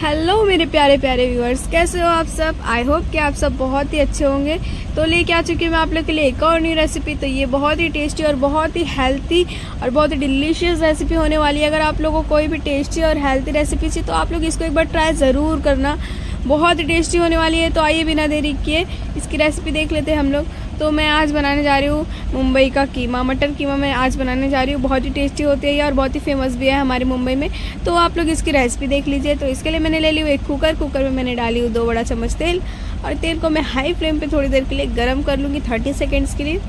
hello मेरे प्यारे प्यारे व्यूअर्स कैसे हो आप सब आई होप कि आप सब बहुत ही अच्छे होंगे तो लेके आ चुकी हूँ मैं आप लोग के लिए एक और न्यू रेसिपी तो ये बहुत ही टेस्टी और बहुत ही हेल्थी और बहुत ही डिलीशियस रेसिपी होने वाली है अगर आप लोगों को कोई भी टेस्टी और हेल्थी रेसिपी चाहिए तो आप लोग इसको एक बार ट्राई ज़रूर करना बहुत ही टेस्टी होने वाली है तो आइए बिना देरी किए इसकी रेसिपी देख लेते हैं हम लोग तो मैं आज बनाने जा रही हूँ मुंबई का कीमा मटर कीमा मैं आज बनाने जा रही हूँ बहुत ही टेस्टी होती है और बहुत ही फेमस भी है हमारे मुंबई में तो आप लोग इसकी रेसिपी देख लीजिए तो इसके लिए मैंने ले ली हूँ एक कुकर कुकर में मैंने डाली हूँ दो बड़ा चम्मच तेल और तेल को मैं हाई फ्लेम पर थोड़ी देर के लिए गर्म कर लूँगी थर्टी सेकेंड्स के लिए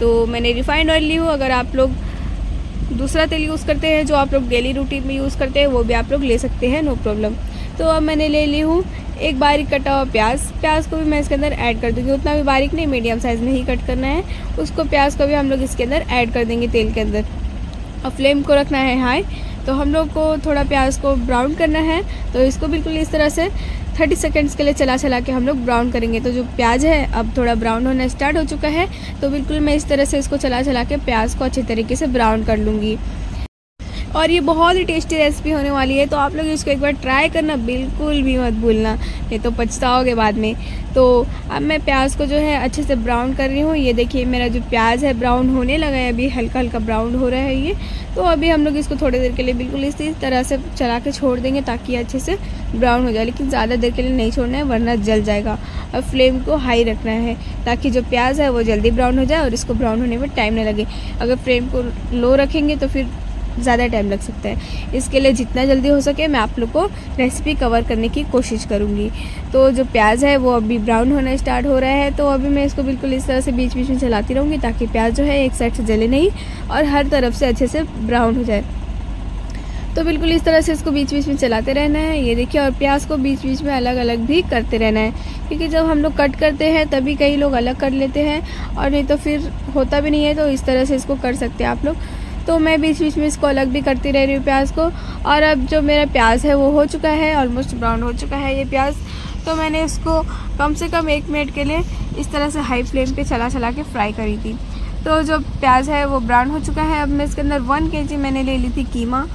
तो मैंने रिफाइंड ऑयल ली हूँ अगर आप लोग दूसरा तेल यूज़ करते हैं जो आप लोग डेली रूटीन में यूज़ करते हैं वो भी आप लोग ले सकते हैं नो प्रॉब्लम तो अब मैंने ले ली हूँ एक बारीक कटा हुआ प्याज प्याज को भी मैं इसके अंदर ऐड कर दूँगी उतना भी बारीक नहीं मीडियम साइज़ में ही कट करना है उसको प्याज को भी हम लोग इसके अंदर ऐड कर देंगे तेल के अंदर और फ्लेम को रखना है हाई तो हम लोग को थोड़ा प्याज को ब्राउन करना है तो इसको बिल्कुल इस तरह से 30 सेकेंड्स के लिए चला चला के हम लोग ब्राउन करेंगे तो जो प्याज है अब थोड़ा ब्राउन होना स्टार्ट हो चुका है तो बिल्कुल मैं इस तरह से इसको चला चला के प्याज को अच्छे तरीके से ब्राउन कर लूँगी और ये बहुत ही टेस्टी रेसिपी होने वाली है तो आप लोग इसको एक बार ट्राई करना बिल्कुल भी मत भूलना नहीं तो पछताओगे बाद में तो अब मैं प्याज को जो है अच्छे से ब्राउन कर रही हूँ ये देखिए मेरा जो प्याज है ब्राउन होने लगा है अभी हल्का हल्का ब्राउन हो रहा है ये तो अभी हम लोग इसको थोड़ी देर के लिए बिल्कुल इसी तरह से चला के छोड़ देंगे ताकि अच्छे से ब्राउन हो जाए लेकिन ज़्यादा देर के लिए नहीं छोड़ना है वरना जल जाएगा और फ्लेम को हाई रखना है ताकि जो प्याज है वो जल्दी ब्राउन हो जाए और इसको ब्राउन होने में टाइम ना लगे अगर फ्लेम को लो रखेंगे तो फिर ज़्यादा टाइम लग सकता है इसके लिए जितना जल्दी हो सके मैं आप लोग को रेसिपी कवर करने की कोशिश करूँगी तो जो प्याज है वो अभी ब्राउन होना स्टार्ट हो रहा है तो अभी मैं इसको बिल्कुल इस तरह से बीच बीच में चलाती रहूँगी ताकि प्याज जो है एक साइड से जले नहीं और हर तरफ से अच्छे से ब्राउन हो जाए तो बिल्कुल इस तरह से इसको बीच बीच में चलाते रहना है ये देखिए और प्याज को बीच बीच में अलग अलग भी करते रहना है क्योंकि जब हम लोग कट करते हैं तभी कई लोग अलग कर लेते हैं और नहीं तो फिर होता भी नहीं है तो इस तरह से इसको कर सकते हैं आप लोग तो मैं बीच बीच में इसको अलग भी करती रह रही हूँ प्याज को और अब जो मेरा प्याज है वो हो चुका है ऑलमोस्ट ब्राउन हो चुका है ये प्याज तो मैंने इसको कम से कम एक मिनट के लिए इस तरह से हाई फ्लेम पे चला चला के फ्राई करी थी तो जो प्याज है वो ब्राउन हो चुका है अब मैं इसके अंदर वन के मैंने ले ली थी कीमा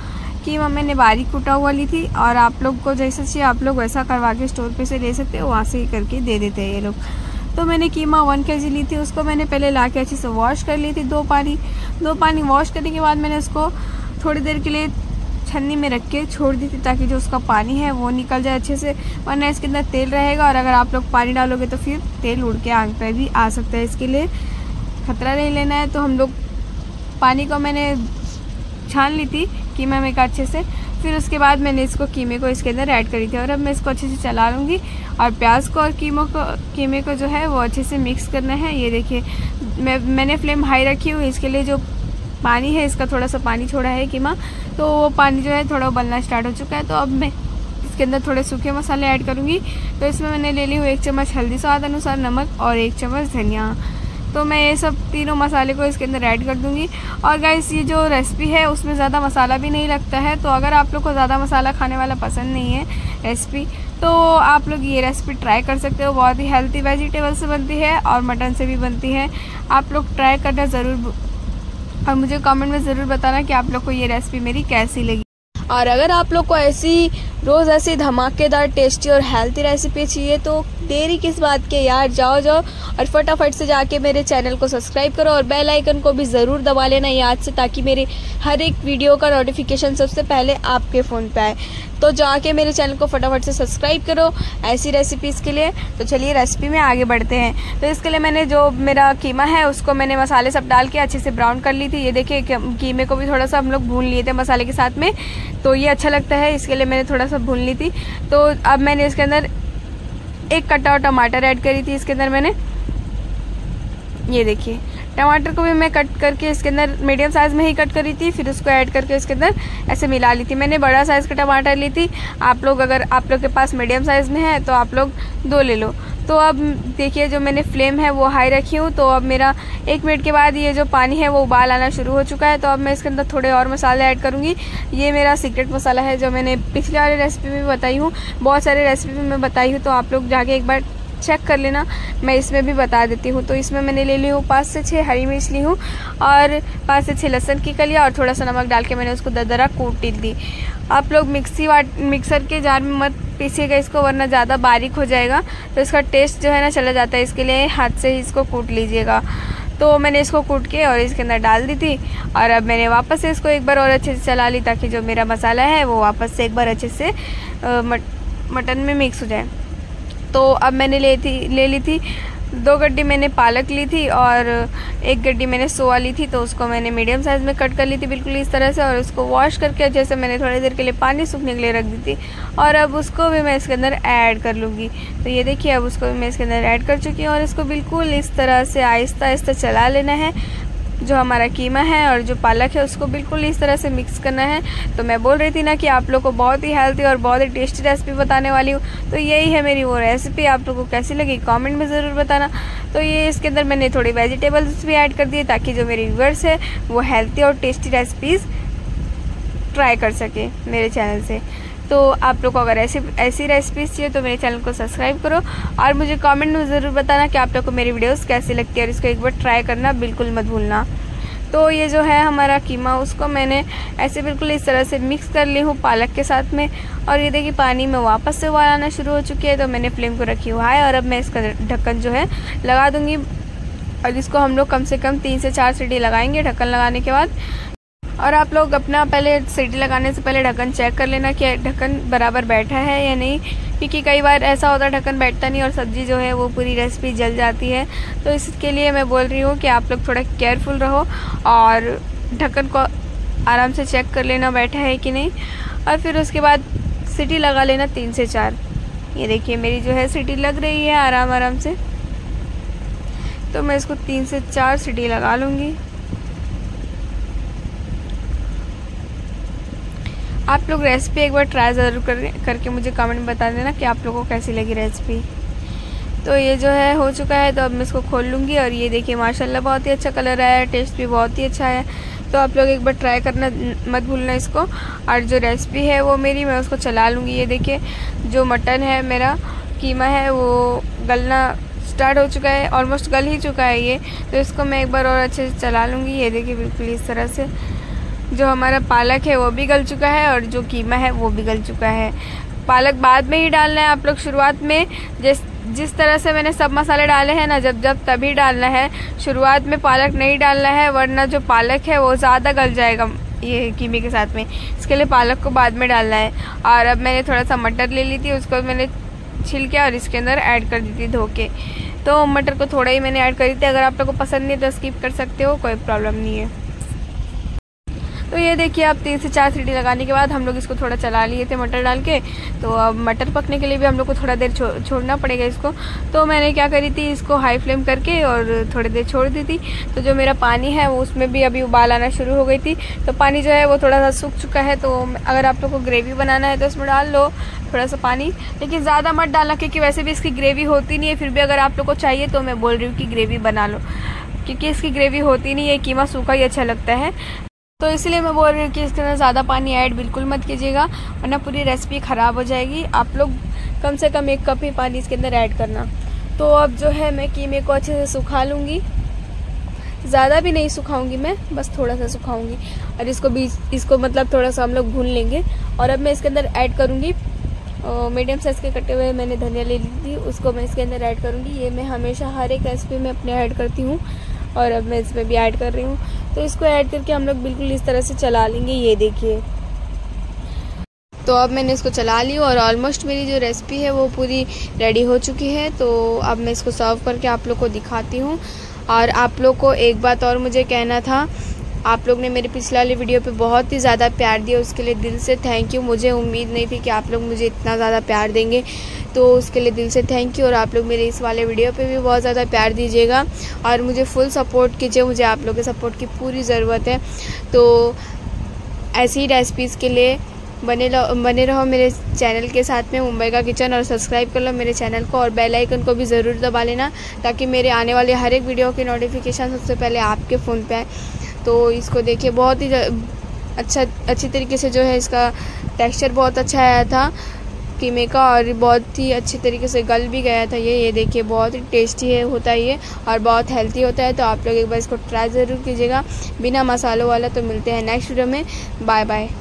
कीमा मैंने बारीक कूटा हुआ ली थी और आप लोग को जैसा चाहिए आप लोग वैसा करवा के स्टोर पर से ले सकते हो वहाँ से ही करके दे देते हैं ये लोग तो मैंने कीमा वन के ली थी उसको मैंने पहले ला के अच्छे से वॉश कर ली थी दो पानी दो पानी वॉश करने के बाद मैंने उसको थोड़ी देर के लिए छन्नी में रख के छोड़ दी थी ताकि जो उसका पानी है वो निकल जाए अच्छे से वरना इसके अंदर तेल रहेगा और अगर आप लोग पानी डालोगे तो फिर तेल उड़ के आग पर भी आ सकता है इसके लिए खतरा नहीं लेना है तो हम लोग पानी को मैंने छान ली थी कीमा में का अच्छे से फिर उसके बाद मैंने इसको कीमे को इसके अंदर ऐड करी थी और अब मैं इसको अच्छे से चला लूँगी और प्याज को और कीमो को कीमे को जो है वो अच्छे से मिक्स करना है ये देखिए मैं मैंने फ्लेम हाई रखी हुई इसके लिए जो पानी है इसका थोड़ा सा पानी छोड़ा है कीमा तो वो पानी जो है थोड़ा उबलना स्टार्ट हो चुका है तो अब मैं इसके अंदर थोड़े सूखे मसाले ऐड करूँगी तो इसमें मैंने ले ली हुई एक चम्मच हल्दी स्वाद अनुसार नमक और एक चम्मच धनिया तो मैं ये सब तीनों मसाले को इसके अंदर ऐड कर दूँगी और गाइस ये जो रेसिपी है उसमें ज़्यादा मसाला भी नहीं लगता है तो अगर आप लोग को ज़्यादा मसाला खाने वाला पसंद नहीं है रेसिपी तो आप लोग ये रेसिपी ट्राई कर सकते हो बहुत ही हेल्थी वेजिटेबल से बनती है और मटन से भी बनती है आप लोग ट्राई करना ज़रूर और मुझे कमेंट में ज़रूर बताना कि आप लोग को ये रेसिपी मेरी कैसी लगी और अगर आप लोग को ऐसी रोज़ ऐसी धमाकेदार टेस्टी और हेल्थी रेसिपी चाहिए तो देरी किस बात के यार जाओ जाओ और फटाफट से जाके मेरे चैनल को सब्सक्राइब करो और बेल आइकन को भी ज़रूर दबा लेना याद से ताकि मेरे हर एक वीडियो का नोटिफिकेशन सबसे पहले आपके फ़ोन पे आए तो जाके मेरे चैनल को फटाफट से सब्सक्राइब करो ऐसी रेसिपीज़ के लिए तो चलिए रेसिपी में आगे बढ़ते हैं तो इसके लिए मैंने जो मेरा कीमा है उसको मैंने मसाले सब डाल के अच्छे से ब्राउन कर ली थी ये देखिए कीमे को भी थोड़ा सा हम लोग भून लिए थे मसाले के साथ में तो ये अच्छा लगता है इसके लिए मैंने थोड़ा सा भून ली थी तो अब मैंने इसके अंदर एक कटा और टमाटर ऐड करी थी इसके अंदर मैंने ये देखिए टमाटर को भी मैं कट करके इसके अंदर मीडियम साइज़ में ही कट करी थी फिर उसको ऐड करके इसके अंदर ऐसे मिला ली थी मैंने बड़ा साइज़ का टमाटर ली थी आप लोग अगर आप लोग के पास मीडियम साइज़ में है तो आप लोग दो ले लो तो अब देखिए जो मैंने फ्लेम है वो हाई रखी हूँ तो अब मेरा एक मिनट के बाद ये जो पानी है वो उबाल आना शुरू हो चुका है तो अब मैं इसके अंदर थोड़े और मसाले ऐड करूँगी ये मेरा सीक्रेट मसाला है जो मैंने पिछले वाली रेसिपी में बताई हूँ बहुत सारे रेसिपी में बताई हूँ तो आप लोग जाके एक बार चेक कर लेना मैं इसमें भी बता देती हूँ तो इसमें मैंने ले ली हूँ पाँच से छः हरी मिर्च ली हूँ और पाँच से छः लहसन की कलिया और थोड़ा सा नमक डाल के मैंने उसको ददरा कूटी दी आप लोग मिक्सी वाट मिक्सर के जार में मत पीसीएगा इसको वरना ज़्यादा बारीक हो जाएगा तो इसका टेस्ट जो है ना चला जाता है इसके लिए हाथ से ही इसको कूट लीजिएगा तो मैंने इसको कूट के और इसके अंदर डाल दी थी और अब मैंने वापस से इसको एक बार और अच्छे से चला ली ताकि जो मेरा मसाला है वो वापस से एक बार अच्छे से मटन में मिक्स हो जाए तो अब मैंने ले थी ले ली थी दो गड्डी मैंने पालक ली थी और एक गड्डी मैंने सोआ ली थी तो उसको मैंने मीडियम साइज़ में कट कर ली थी बिल्कुल इस तरह से और उसको वॉश करके अच्छे से मैंने थोड़ी देर के लिए पानी सूखने के लिए रख दी थी और अब उसको भी मैं इसके अंदर ऐड कर लूँगी तो ये देखिए अब उसको भी मैं इसके अंदर ऐड कर चुकी हूँ और इसको बिल्कुल इस तरह से आहिस्ता आहिस्ता चला लेना है जो हमारा कीमा है और जो पालक है उसको बिल्कुल इस तरह से मिक्स करना है तो मैं बोल रही थी ना कि आप लोग को बहुत ही हेल्थी और बहुत ही टेस्टी रेसिपी बताने वाली हूँ तो यही है मेरी वो रेसिपी आप लोग को कैसी लगी कॉमेंट में ज़रूर बताना तो ये इसके अंदर मैंने थोड़ी वेजिटेबल्स भी ऐड कर दिए ताकि जो मेरे व्यूवर्स है वो हेल्थी और टेस्टी रेसिपीज़ ट्राई कर सकें मेरे चैनल से तो आप लोग को अगर ऐसी ऐसी रेसिपीज़ चाहिए तो मेरे चैनल को सब्सक्राइब करो और मुझे कमेंट में ज़रूर बताना कि आप लोग को मेरी वीडियोस कैसी लगती है और इसको एक बार ट्राई करना बिल्कुल मत भूलना तो ये जो है हमारा कीमा उसको मैंने ऐसे बिल्कुल इस तरह से मिक्स कर ली हूँ पालक के साथ में और ये देखिए पानी में वापस से उबाल आना शुरू हो चुकी है तो मैंने फ्लेम को रखी हुआ है और अब मैं इसका ढक्कन जो है लगा दूँगी और इसको हम लोग कम से कम तीन से चार सीटी लगाएंगे ढक्कन लगाने के बाद और आप लोग अपना पहले सीटी लगाने से पहले ढक्कन चेक कर लेना कि ढक्कन बराबर बैठा है या नहीं क्योंकि कई बार ऐसा होता है ढक्कन बैठता नहीं और सब्ज़ी जो है वो पूरी रेसिपी जल जाती है तो इसके लिए मैं बोल रही हूँ कि आप लोग थोड़ा केयरफुल रहो और ढक्कन को आराम से चेक कर लेना बैठा है कि नहीं और फिर उसके बाद सीटी लगा लेना तीन से चार ये देखिए मेरी जो है सीटी लग रही है आराम आराम से तो मैं इसको तीन से चार सीटी लगा लूँगी आप लोग रेसिपी एक बार ट्राई ज़रूर कर करके मुझे कमेंट बता देना कि आप लोगों को कैसी लगी रेसिपी तो ये जो है हो चुका है तो अब मैं इसको खोल लूँगी और ये देखिए माशाल्लाह बहुत ही अच्छा कलर आया है टेस्ट भी बहुत ही अच्छा है तो आप लोग एक बार ट्राई करना मत भूलना इसको और जो रेसिपी है वो मेरी मैं उसको चला लूँगी ये देखिए जो मटन है मेरा कीमा है वो गलना स्टार्ट हो चुका है ऑलमोस्ट गल ही चुका है ये तो इसको मैं एक बार और अच्छे से चला लूँगी ये देखिए बिल्कुल इस तरह से जो हमारा पालक है वो भी गल चुका है और जो कीमा है वो भी गल चुका है पालक बाद में ही डालना है आप लोग शुरुआत में जिस जिस तरह से मैंने सब मसाले डाले हैं ना जब जब तभी डालना है शुरुआत में पालक नहीं डालना है वरना जो पालक है वो ज़्यादा गल जाएगा ये कीमे के साथ में इसके लिए पालक को बाद में डालना है और अब मैंने थोड़ा सा मटर ले ली थी उसको मैंने के और इसके अंदर ऐड कर दी थी धो के तो मटर को थोड़ा ही मैंने ऐड करी थी अगर आप लोग को पसंद नहीं तो स्किप कर सकते हो कोई प्रॉब्लम नहीं है तो ये देखिए अब तीन से चार सीटी लगाने के बाद हम लोग इसको थोड़ा चला लिए थे मटर डाल के तो अब मटर पकने के लिए भी हम लोग को थोड़ा देर छो, छोड़ना पड़ेगा इसको तो मैंने क्या करी थी इसको हाई फ्लेम करके और थोड़ी देर छोड़ दी थी तो जो मेरा पानी है वो उसमें भी अभी उबाल आना शुरू हो गई थी तो पानी जो है वो थोड़ा सा सूख चुका है तो अगर आप लोग को ग्रेवी बनाना है तो इसमें डाल लो थोड़ा सा पानी लेकिन ज़्यादा मत डालना क्योंकि वैसे भी इसकी ग्रेवी होती नहीं है फिर भी अगर आप लोग को चाहिए तो मैं बोल रही हूँ कि ग्रेवी बना लो क्योंकि इसकी ग्रेवी होती नहीं है कीमा सूखा ही अच्छा लगता है तो इसलिए मैं बोल रही हूँ कि इसके अंदर ज़्यादा पानी ऐड बिल्कुल मत कीजिएगा वरना पूरी रेसिपी ख़राब हो जाएगी आप लोग कम से कम एक कप ही पानी इसके अंदर ऐड करना तो अब जो है मैं कीमे को अच्छे से सुखा लूँगी ज़्यादा भी नहीं सुखाऊंगी मैं बस थोड़ा सा सुखाऊंगी और इसको बीच इसको मतलब थोड़ा सा हम लोग भून लेंगे और अब मैं इसके अंदर ऐड करूँगी मीडियम साइज़ के कटे हुए मैंने धनिया ले ली थी उसको मैं इसके अंदर ऐड करूँगी ये मैं हमेशा हर एक रेसिपी में अपने ऐड करती हूँ और अब मैं इसमें भी ऐड कर रही हूँ तो इसको ऐड करके हम लोग बिल्कुल इस तरह से चला लेंगे ये देखिए तो अब मैंने इसको चला ली और ऑलमोस्ट मेरी जो रेसिपी है वो पूरी रेडी हो चुकी है तो अब मैं इसको सर्व करके आप लोग को दिखाती हूँ और आप लोग को एक बात और मुझे कहना था आप लोग ने मेरे पिछले वाली वीडियो पे बहुत ही ज़्यादा प्यार दिया उसके लिए दिल से थैंक यू मुझे उम्मीद नहीं थी कि आप लोग मुझे इतना ज़्यादा प्यार देंगे तो उसके लिए दिल से थैंक यू और आप लोग मेरे इस वाले वीडियो पे भी बहुत ज़्यादा प्यार दीजिएगा और मुझे फुल सपोर्ट कीजिए मुझे आप लोग के सपोर्ट की पूरी ज़रूरत है तो ऐसी ही रेसिपीज़ के लिए बने लो बने रहो मेरे चैनल के साथ में मुंबई का किचन और सब्सक्राइब कर लो मेरे चैनल को और बेल आइकन को भी ज़रूर दबा लेना ताकि मेरे आने वाले हर एक वीडियो की नोटिफिकेशन सबसे पहले आपके फ़ोन पे आए तो इसको देखिए बहुत ही अच्छा अच्छी तरीके से जो है इसका टेक्सचर बहुत अच्छा आया था कीमे का और बहुत ही अच्छे तरीके से गल भी गया था ये ये देखिए बहुत ही टेस्टी है होता है ये और बहुत हेल्थी होता है तो आप लोग एक बार इसको ट्राई ज़रूर कीजिएगा बिना मसालों वाला तो मिलते हैं नेक्स्ट वीडियो में बाय बाय